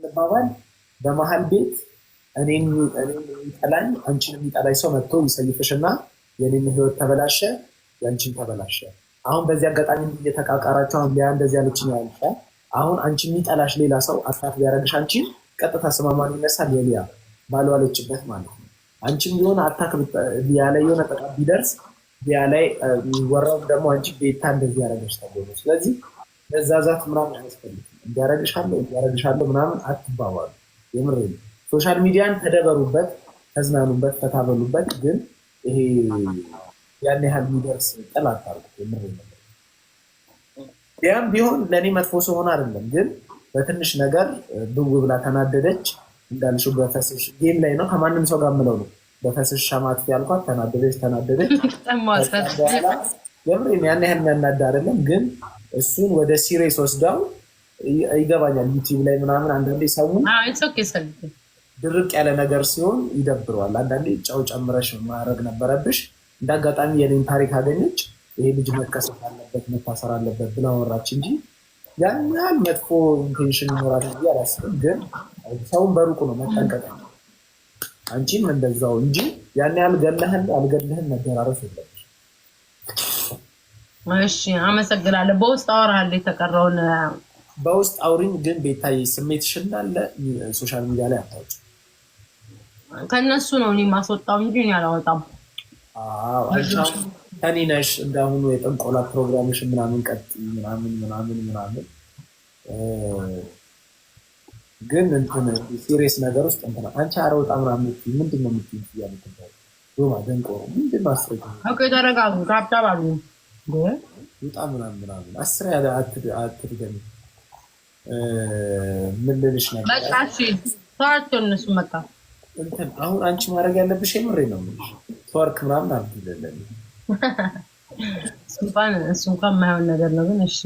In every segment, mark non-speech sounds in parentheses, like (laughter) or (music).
ስንባባል በመሀል ቤት እኔም የሚጠላኝ አንቺን የሚጠላኝ ሰው መጥቶ ይሰይፍሽ እና የኔን ህይወት ተበላሸ፣ የአንቺን ተበላሸ። አሁን በዚህ አጋጣሚ እየተቃቃራቸው አሁን ሊያ እንደዚህ ያለች ነው ያልሻ። አሁን አንቺ የሚጠላሽ ሌላ ሰው አስራት ቢያደርግሽ አንቺን ቀጥታ ስማማን ይነሳል የሊያ ባልዋለችበት ማለት ነው። አንቺም የሆነ አታክ ሊያ ላይ የሆነ ጥቃት ቢደርስ ያ ላይ የሚወራው ደግሞ አንቺ ቤታ እንደዚህ ያደረገች ተብሎ ነው። ስለዚህ መዛዛት ምናምን አያስፈልግም። እንዲያረግሻለሁ እንዲያረግሻለሁ ምናምን አትባባሉ። የምር ሶሻል ሚዲያን ተደበሩበት፣ ተዝናኑበት፣ ተታበሉበት። ግን ይሄ ያን ያህል የሚደርስ ጥል አታርጉት። የምር ያም ቢሆን ለእኔ መጥፎ ሲሆን አይደለም። ግን በትንሽ ነገር ብው ብላ ተናደደች እንዳልሽው በፈስሽ ጌም ላይ ነው ከማንም ሰው ጋር ምለው ነው በፈስሽ ሸማት ያልኳት ተናደደች ተናደደች። (laughs) የምር ያን ያህል የሚያናዳ አይደለም። ግን እሱን ወደ ሲሬስ ወስዳው ይገባኛል። ዩቲዩብ ላይ ምናምን አንዳንዴ ሰው ድርቅ ያለ ነገር ሲሆን ይደብረዋል። አንዳንዴ ጨው ጨምረሽ ማድረግ ነበረብሽ። እንደ አጋጣሚ የኔን ታሪክ አገኘች። ይሄ ልጅ መከሰት አለበት መታሰር አለበት ብላ ወራች እንጂ ያን ያህል መጥፎ ኢንቴንሽን ይኖራል ብዬ አላስብም። ግን ሰውን በሩቁ ነው መጠንቀቅ። አንቺም እንደዛው እንጂ ያን ያህል ገለህን አልገልህን መደራረስ የለብሽ። እሺ፣ አመሰግናለሁ። በውስጥ አወራለሁ የተቀረውን በውስጥ አውሪን ግን ቤታይ ስሜትሽን እንዳለ ሶሻል ሚዲያ ላይ አታወጭ። ከእነሱ ነው እኔ ማስወጣው እንጂ አላወጣም። ከኔ ነሽ እንዳሁኑ የጥንቆላ ፕሮግራምሽ ምናምን ቀጥ ምናምን ምናምን ምናምን ግን እንትን ሲሪየስ ነገር ውስጥ እንትን አንቺ አረውጣ ምናምን ምንድን ነው የምትይኝ እያሉ ዶማ ደንቆ ምንድን ነው አስረ ተረጋጉ ጋብታ ባሉ ውጣ ምናምን ምናምን አስር ያለ አትድገሚ ምን ልልሽ ነበር? በቃ እሺ፣ ተዋርክ እነሱ መጣ እንትን አሁን አንቺ ማድረግ ያለብሽ የምሬ ነው የምልሽ፣ ተዋርክ ምናምን አልኩልለን። እንኳን እሱ እንኳን የማይሆን ነገር ነው፣ ግን እሺ፣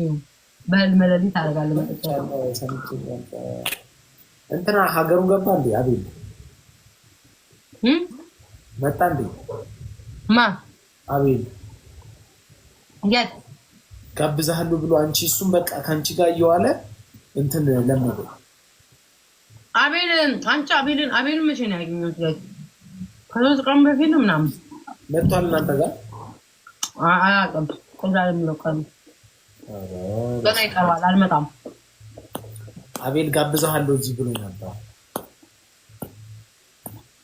በህል ሌሊት አደርጋለሁ። መጠጫ እንትና ሀገሩ ገባ እንዴ? አቤል መጣ እንዴ? ማ አቤል የት ጋብዛሃሉ ብሎ አንቺ እሱም በቃ ከአንቺ ጋር እየዋለ እንትን ለመዱ አቤልን አንቺ አቤልን አቤልን መቼ ነው ያገኘሁት? ያጅ ከሶስት ቀን በፊት ነው ምናምን መጥቷል። እናንተ ጋር አላውቅም። ከዛ የምለው ቀን ገና ይቀርባል። አልመጣም። አቤል ጋብዛሃለሁ እዚህ ብሎ ነበር።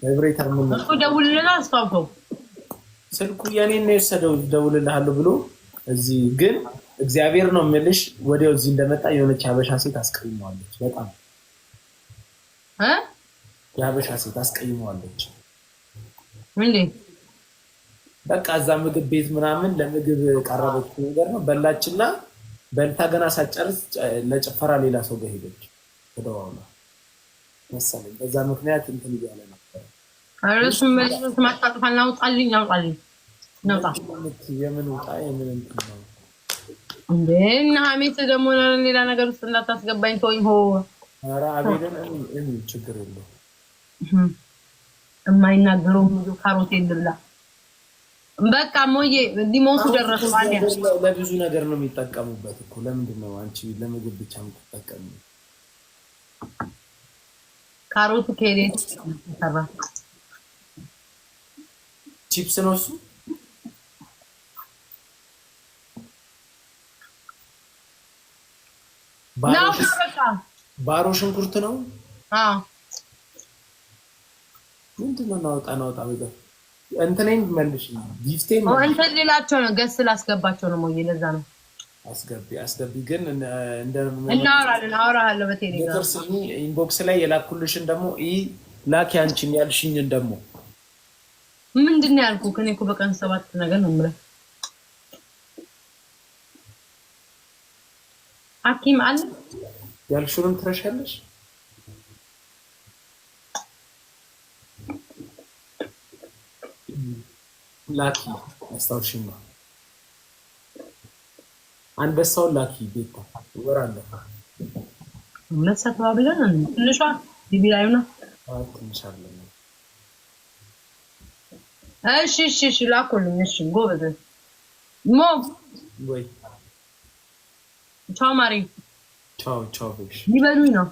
ቫይብሬተር ምን ነው ደውልልና አስፋብከው ስልኩ የኔን ነው የወሰደው። ደውልልሃለሁ ብሎ እዚህ ግን እግዚአብሔር ነው የምልሽ። ወዲያው እዚህ እንደመጣ የሆነች የሀበሻ ሴት አስቀይመዋለች። በጣም የሀበሻ ሴት አስቀይመዋለች። በቃ እዛ ምግብ ቤት ምናምን ለምግብ ቀረበች ነገር ነው በላችና በልታ ገና ሳጨርስ ለጭፈራ ሌላ ሰው ጋር ሄደች። ተደዋውላ መሰለኝ በዛ ምክንያት እንትን እያለ ነበር። ኧረ እሱም መልስ ማጣጥፋልና ውጣልኝ፣ አውጣልኝ ነውጣ የምን ውጣ የምን እንትን ነው እንዴ ሀሜት ደግሞ ሌላ ነገር ውስጥ እንዳታስገባኝ ተወኝ። ሆ ችግር የለውም። የማይናገረው ምግብ በቃ ሞዬ ሊሞቱ ደረሱ። ለብዙ ነገር ነው የሚጠቀሙበት እኮ ለምንድን ነው አንቺ ለምግብ ብቻ የምትጠቀሙ? ከሌት ቺፕስ ነው እሱ ባሮ ሽንኩርት ነው። ምንድን ነው? ናውጣ ናውጣ። በዛ እንትኔን መልሽ። ጊፍቴን እንትን ሌላቸው ነው። ገስ ላስገባቸው ነው። ሞዬ ለዛ ነው። አስገቢ አስገቢ። ግን እናወራለን፣ አወራለሁ በቴሌግራም ኢንቦክስ ላይ የላኩልሽን ደግሞ ላኪ። አንቺን ያልሽኝን ደግሞ ምንድን ነው ያልኩህ? እኔ እኮ በቀን ሰባት ነገር ነው የምልህ ሐኪም አለ ያልሽውን ትረሻለሽ። ላኪ አስታውሽማ አንበሳውን ላኪ ቤታ ወር አለ ሁለት ሰዓት ባብለን ትንሿ ቢቢ ላዩና ትንሽ አለ። እሺ እሺ እሺ ላኩልኝ። እሺ ጎበዝ ሞ ወይ ቻው ማሪ ቻው ቻው። ይበሉኝ ነው።